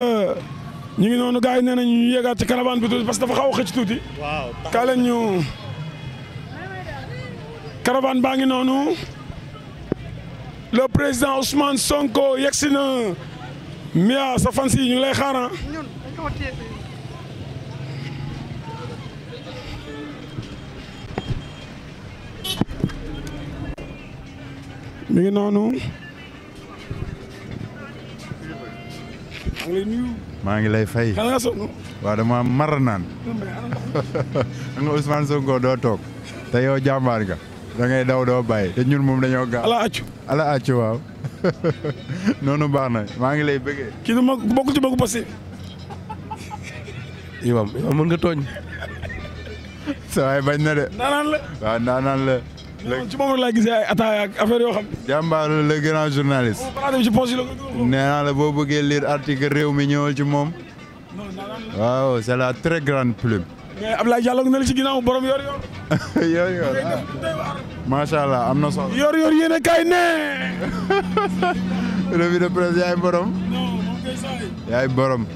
ñu ngi noonu gars yi nee nañu ñu yéegaat ci caravane bi tuuti parce que dafa xaw a xëcc tuuti. waaw kaa leen ñu caravane baa ngi noonu le président Ousmane Sonko yegsi na Mia sa fan si ñu ngi lay xaar ah. mi ngi noonu. maa ngi lay fay. xanaa sonn. waaw dama mar naan. da nga Ousmane Sonko doo toog. te yow jàmbaar nga. da ngay daw doo bàyyi te ñun moom dañoo gaaw. noonu baax na maa ngi lay bëggee. kii dama bokk ci bokk passé. Iwam Iwam nga tooñ. sa waay bañ na de. naanaan la waaw léegi ci moom rek laa gisee ay ak affaire yoo xam. jàmbaaru le grand journaliste. nee naa la boo bëggee lire article réew mi ñëwal ci moom. waaw c'est la très grande plume. mais Abdoulaye Diallo na la ci ginnaaw borom yor-yor. yor-yor ah macha allah am na solo. yor-yor yéen a nee. revue de presse yaay borom. yaay borom.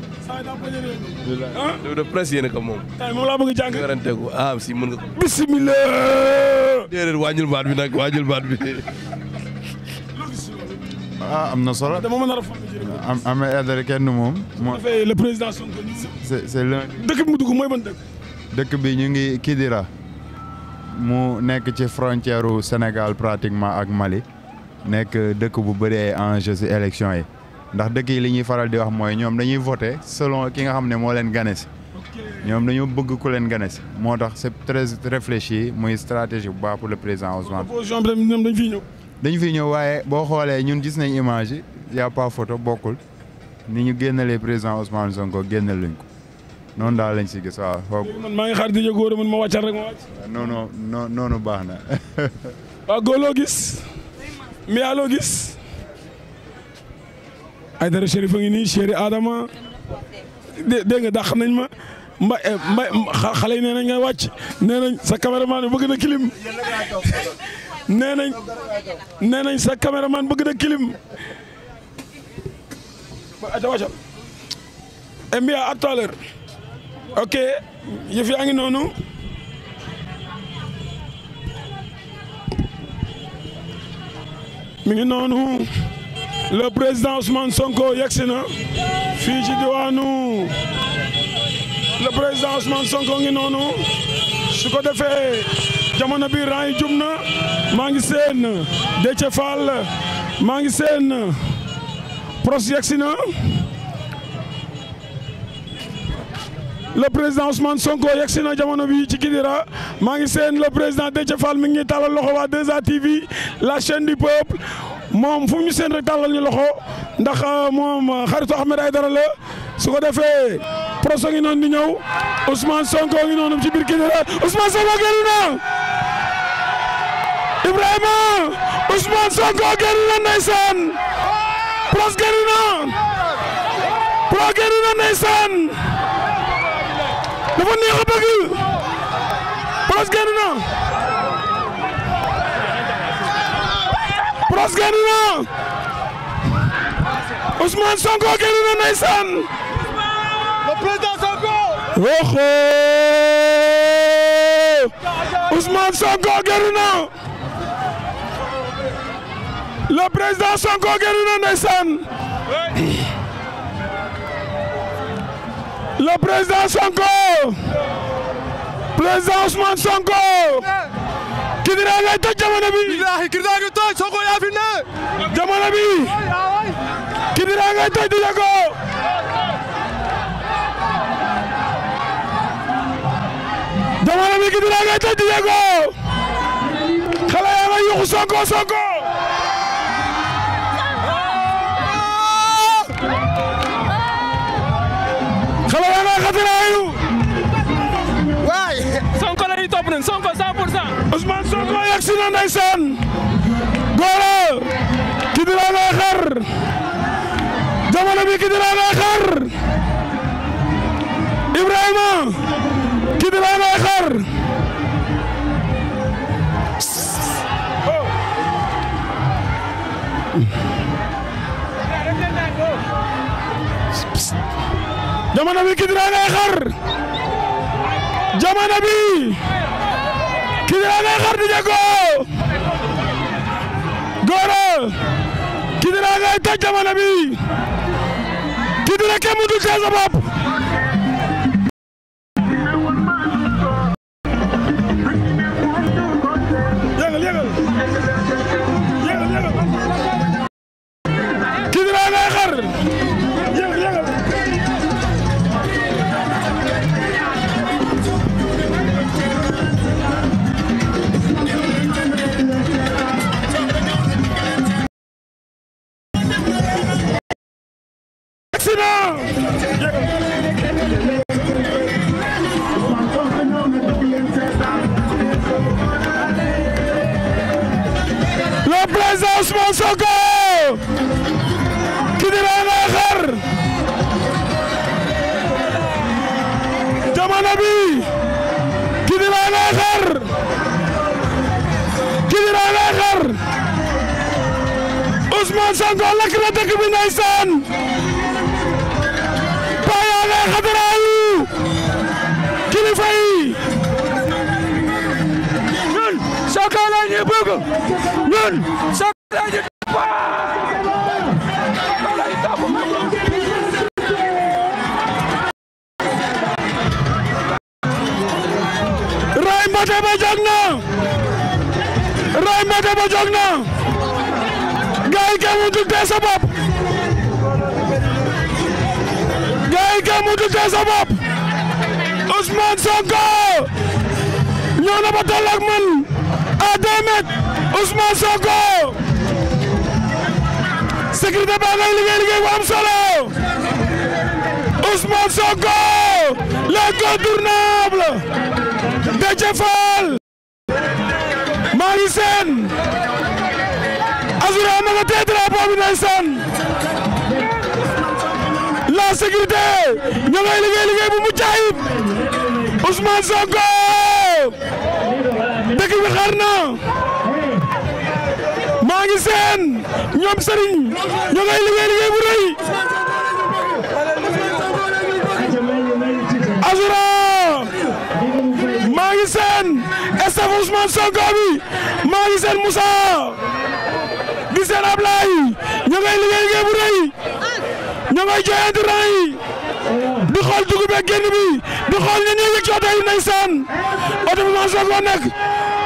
alhamdulilah de presse yéen a ko moom. tey ah, mën nga ko. bisimilah. déedéet waajul baat bi nag waajul baat bi. ah am na solo am am moom. moo defee le président Sonko. c'est mu dëkk. bi ñu ngi Kidira. mu nekk ci frontière u Sénégal pratiquement ak Mali. nekk dëkk bu bëri ay enjeux ci yi. ndax dëkk yi li ñuy faral di wax mooy ñoom dañuy voté selon ki nga xam ne moo leen gane si ñoom dañoo bëgg ku leen gane si moo tax c'est très réfléchi muy stratégie bu baax pour le président Ousmane. ñoom dañ fiy dañu fi ñëw waaye boo xoolee ñun gis nañ image yi y a pas photo bokkul ni ñu génnalee président Ousmane Sonko génnal luñ ko noonu daal lañ si gis waaw. man maa ngi xaar di góor man ma wàccal rek ma wàcc. Euh, noonu baax na. waa góor loo gis. mais loo gis. Aydara Chérif a ngi nii chéri Adama dégg nga dàq nañ ma mba eh, mba xale yi nee nañ nga wàcc nee nañ sa caméraman bëgg na kilim nee nañ nee nañ bëgg na kilim ata wàccal mbia à ok yëf yaa ngi noonu mi ngi noonu le président Ousmane Sonko yegsi na fii ci diwaanu le président Ousmane Sonko ngi noonu su ko defee jamono bi rang yi jub na maa ngi seen Déthié Fall maa ngi seen Pros yegsi na le président Ousmane Sonko yegsi na jamono bi ci Kidira maa ngi seen le président Déthié Fall mi ngi talal loxo waa 2A TV la chaîne du peuple moom fu mu ñu seen rek tàllal loxo ndax euh, moom euh, xaritu Ahmed Aïdara la su ko defee procès ngi noonu di ñëw Ousmane Sonko ngi noonu ci biir Kidira Ousmane Sonko génn na Ibrahima Ousmane Sonko génn na ndeysaan procès génn na procès génn na ndeysaan dafa neex a bëgg procès génn na Brosse génn na Ousmane président Sonko président Sonko Sonko Kidira lay toj jamono bi. bilaay Kidira ngi toj Sokh yaa fi ne. jamono bi Kidira ngay toj di ko. jamono bi Kidira ngay toj di ko. xale yaa ngi yuxu Sonko Sonko. xale yaa ngi xatira Sonko yegg si na ndeysaan Gora Kidira ngay xar jamono bi Kidira ngay xar Ibrahima Kidira ngay xar jamono bi Kidira ngay xar jamono bi Gadiago Gora Kidira ngay toj jamono bi Kidira kenn mu dul tee sa bopp nabi kidiraane xar kidiraane xar Ousmane Sonko lakk na bi ndeysaan paayaane xadaraayu kilifa yi ñun Sonko la ñu bëgg ñun ba jóg na roy moto ba jóg na gaay kenn mu dul tee sa bopp gaay kenn mu dul tee sa bopp Ousmane Sonko ñëw na ba toll ak man à deux mètres Ousmane Sonko sécurité baa ngay liggéey liggéey bu am solo Ousmane Sonko l'incontournable Déthié Fall Malick Sène Azura ma nga tee drapeau bi ndeysaan la sécurité ña ngay liggéey liggéey bu mucc ayib Ousmane Sonko dëkk bi xar na maa seen ñoom Serigne ña ngay liggéey liggéey bu rëy Ousmane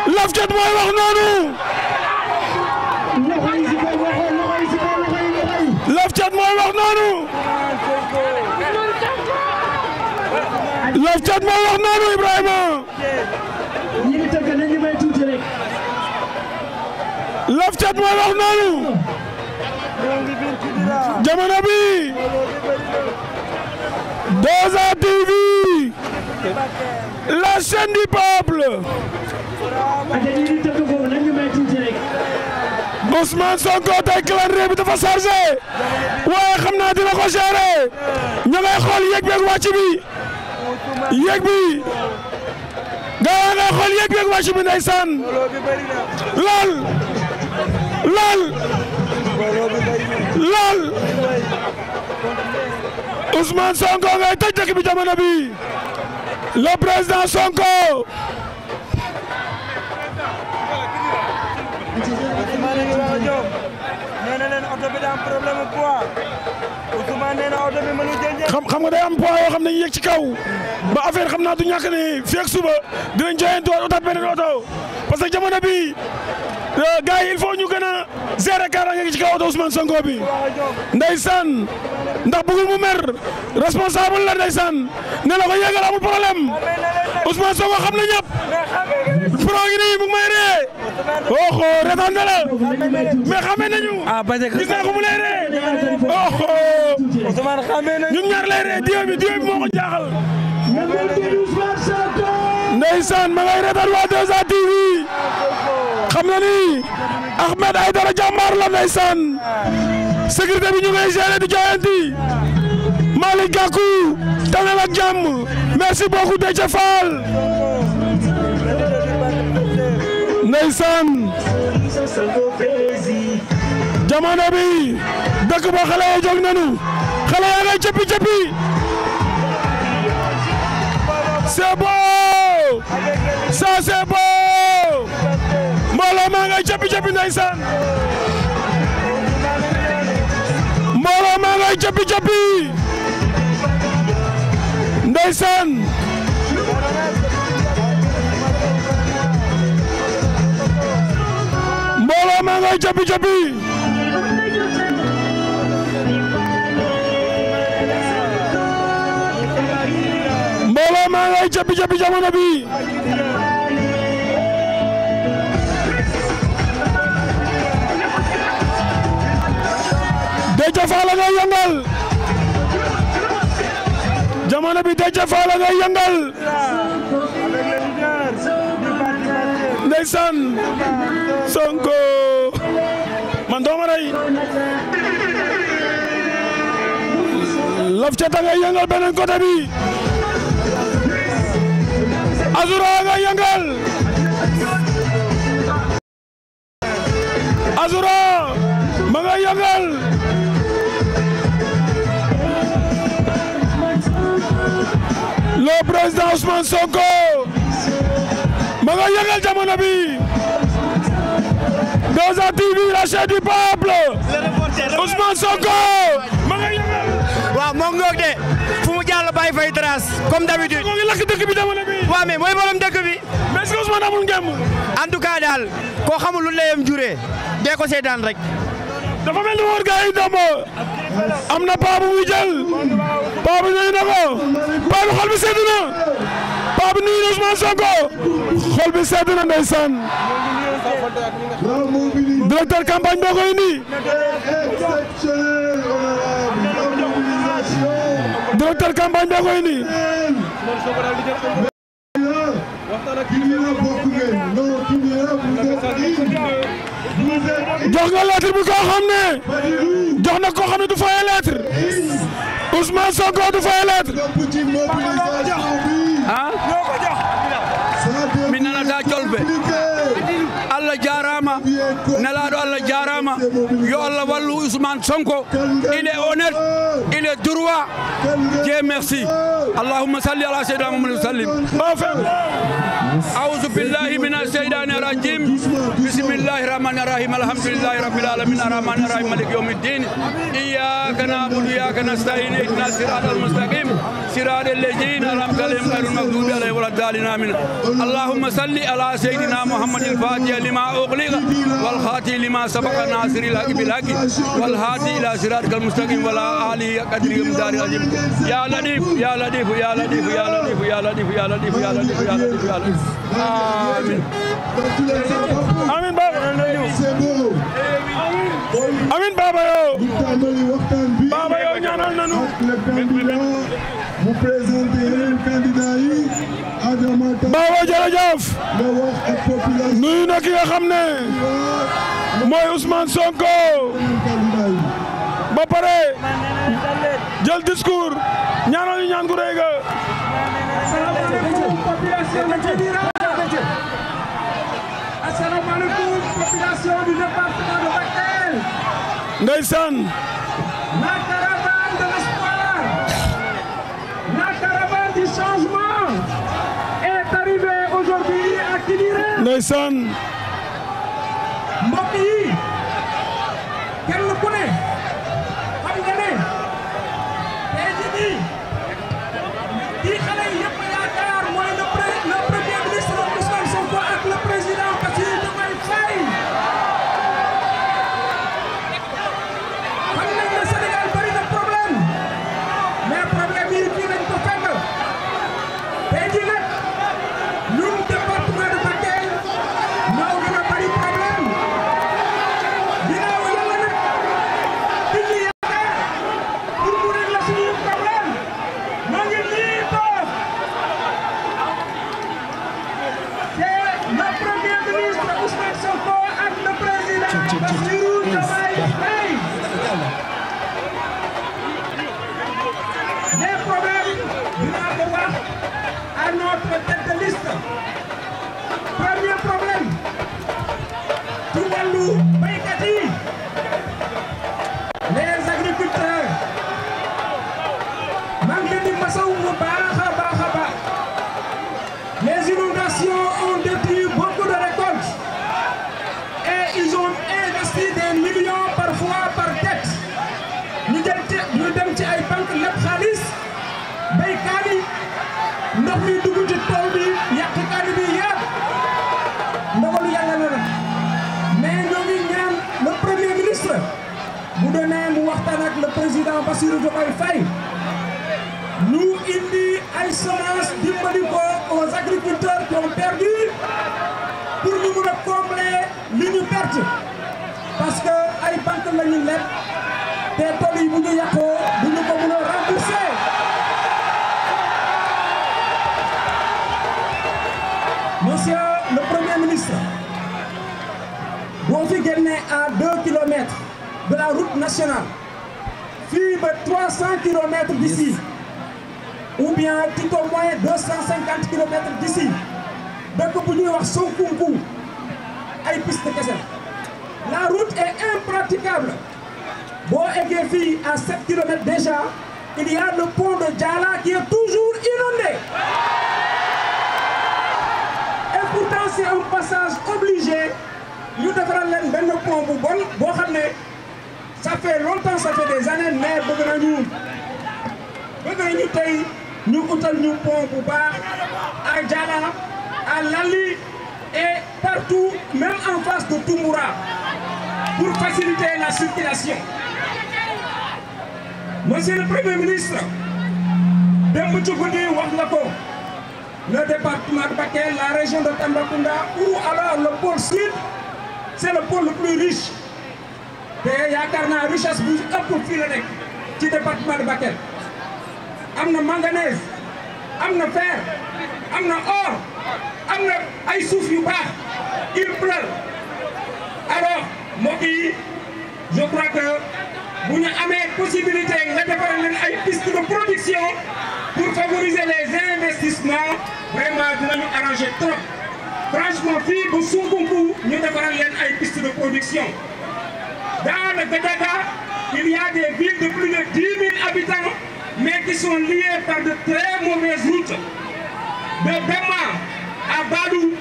laf jot mooy wax noonu laf jot mooy wax noonu Ibrahima laf cat mooy wax noonu jamono bi Doza TV la chaîne du peuple Ousmane Sonko tey calendrier bi dafa chargé waaye xam naa dina ko gérer ñu xool yéeg beeg wàcc bi yéeg bi xool yéeg beeg wàcc bi ndeysaan laal laal Ousmane Sonko ngay tëj dëkk bi jamono bi le président Sonko xam xam nga day am poids yoo xam ne dañuy ci kaw ba affaire xam naa du ni fii suba dinañ joxe doon utaat beneen oto parce que bi gars yi il faut ñu gën a gérer kaaraange gi ci kaw oto Ousmane Sonko ndax bëggul mu mer responsable la ndeysaan ne la ko yëgal amul problème Ousmane Sonko xam na ñëpp pro gi mu may ree oh oh retaan na nañu. ah bañ a gis naa ko mu lay ree oh oh Ousmane xamee nañu ñun ñaar ma ngay retaan waa 2A TV. xam na ni Ahmed Aidara jàmbaar la ndeysaan sécurité bi ñu ngay gérer di jaayanti Malick Gakou tanal ak jàmm merci beaucoup Déthié Fall ndeysaan jamono bi dëkk ba xale ya jóg nañu xale yaa ngay cëppi cëppi c'est beau ça maa ngay cappi cappi ndeysaan mbooloo maa ngay cappi cappi ndeysaan mbooloo maa ngay cappi cappi mbooloo maa ngay cappi cappi jamono bi Déthié Fall ngay yëngal jamono bi Déthié Fall ngay yëngal ndeysaan Sonko man doo ma rey laf ca ta ngay yëngal beneen côté bi Azura ngay yëngal le président Ousmane Sonko ma nga yëngal jamono bi 2A TV la chaîne du peuple Ousmane Sonko ma nga yëngal waaw moo ngoog de fu mu jàll bàyyi fay trace comme d'habitude moo ngi mais mooy borom dëkk bi mais est-ce que Ousmane amul ngëm cas daal koo xamul lu layam juree dee ko seetaan rek dafa mel ni woon gars yi ndombo am na paa bu jël paa bu na ko paa bi xol bi sedd na paa bi nuyu na Ousmane xol bi sedd na ndeysaan directeur campagne boo koy indi directeur campagne boo koy indi. jox nga lettre bi koo xam ne jox na koo xam ne du fayee lettre Sonko du fayee lettre. ah. mi nana taa colbe Allah jarama nelaɗo Allah jarama yo Allah wallu Ousmane Sonko il est honnête il est droit Dieu merci Allahumma salli ala sayyidina Muhammad wa sallim aouzu billahi mina sheytani rajim الرحمن الرحيم الحمد لله رب العالمين الرحمن الرحيم مالك يوم الدين إياك نعبد وإياك نستعين اهدنا الصراط المستقيم صراط الذين أنعمت عليهم غير المغضوب عليهم ولا الضالين آمين اللهم صل على سيدنا محمد الفاتح لما أغلق والخاتم لما سبق ناصر الحق بالحق والهادي إلى صراطك المستقيم ولا آله قدر مدار العظيم يا لطيف يا لطيف يا لطيف يا لطيف يا لطيف يا لطيف يا لطيف يا لطيف يا لطيف آمين آمين amin Baba yow. ñu tàmbali waxtaan bi. Baba yow ñaanal nañu. ak le candidat mu présenté nga nuyu na ki nga xam ne. mooy Ousmane Sonko. ba pare jël discours. ndeysaan la caravane de l'espoir la caravane du changement est arrivée aujourd'hui à Kidira ndeysaan mbokk yi maa ngi leen di masawu baax baax baax les inondations ont détruit beaucoup de récoltes et ils ont investi des millions parfois par tête ñu dem ci ay banque lépp xaalis béykat yi ndox mi dugg ci taw bi yàq kaani bi yàq ndogalu yàlla la nag mais le premier ministre bu demee mu waxtaan le président Bassirou Diomaye parce que ay banque la ñu te tool bu ñu yàqoo bu ñu ko mën a rembourser monsieur le premier ministre boo fi génnee à deux kilomètres la route nationale fii ba trois cent ou bien tout au moins deux cent cinquante bu ñuy wax Sonkunku ay piste kese la route est impraticable boo eggee fii à 7 kilomètres déjà il y a le pont de Diala qui est toujours inondé et obligé ñu defaral leen benn boo xam ne ça fait longtemps ça fait des années mais bëgg nañu bëgg nañu tey ñu utal ñu pont bu baax à Diala Lali et partout même en face de Toumoura pour faciliter la circulation. Monsieur le Premier ministre, démb ci guddi wax na ko le département de Bakel la région de Tambacounda ou alors le pôle sud c'est le pôle le plus riche te yaakaar naa richesse bu ëpp fii la nekk ci département de Bakel am na manganèse am na fer am na or am na ay suuf yu baax il alors mbokk yi je crois que bu ñu amee possibilité nga defaral leen ay piste de production pour favoriser les investissements vraiment dinañu arranger trop franchement fii ba Sounkounkou ñu defaral leen ay piste de production dans le Gadaga il y a des villes de plus de 10 000 habitants mais qui sont liées par de très mauvaises routes de Bema à Badou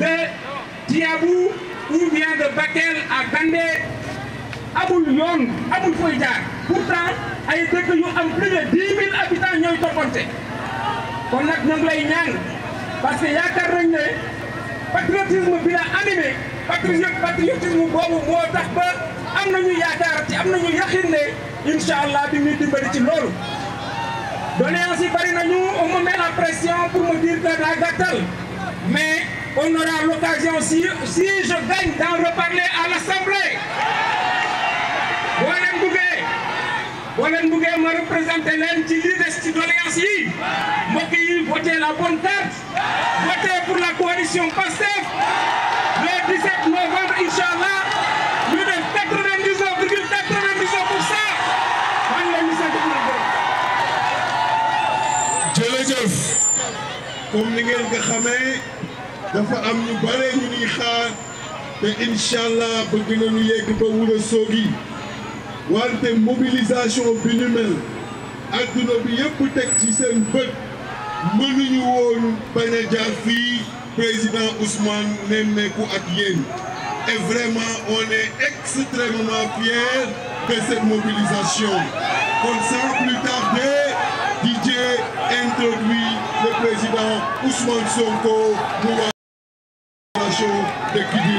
de Diabou ou bien de Bakel à Bandé amul yoon amul fooy jaar ay dëkk yu am plus de dix mille habitants ñooy toppante kon nag ñu ñaan parce yaakaar nañ ne patriotisme bi la boobu moo tax ba am nañu yaakaar ci am nañu yaqin ne incha allah di ñuy dimbali ci loolu. doléances yi bari nañu la pression pour me dire que daa gàttal on a l'occasion, si, si je gagne, d'en reparler à l'Assemblée. boo leen buggee boo leen buggee ma représenté leen ci lii des ci doléance yi mbokk yi votez la bonne carte votez pour la coalition PASTEF le 17 novembre incha allah ñu def 99 virgule 99 pour cent maa ngi leen di sant bu jërëjëf comme ni ngeen ko xamee. dafa am ñu bare ñu ñuy xaar te incha allah bëgg nañu yegg ba Wuro Sogi wante mobilisation bi ñu mel adduna bi yëpp teg ci seen bët mënuñu woon bañ a jaar fii président Ousmane nemmeeku ak yéen et vraiment on est extrêmement fiers de cette mobilisation kon sans plus tarder DJ introduit le président Ousmane Sonko. association d'équipe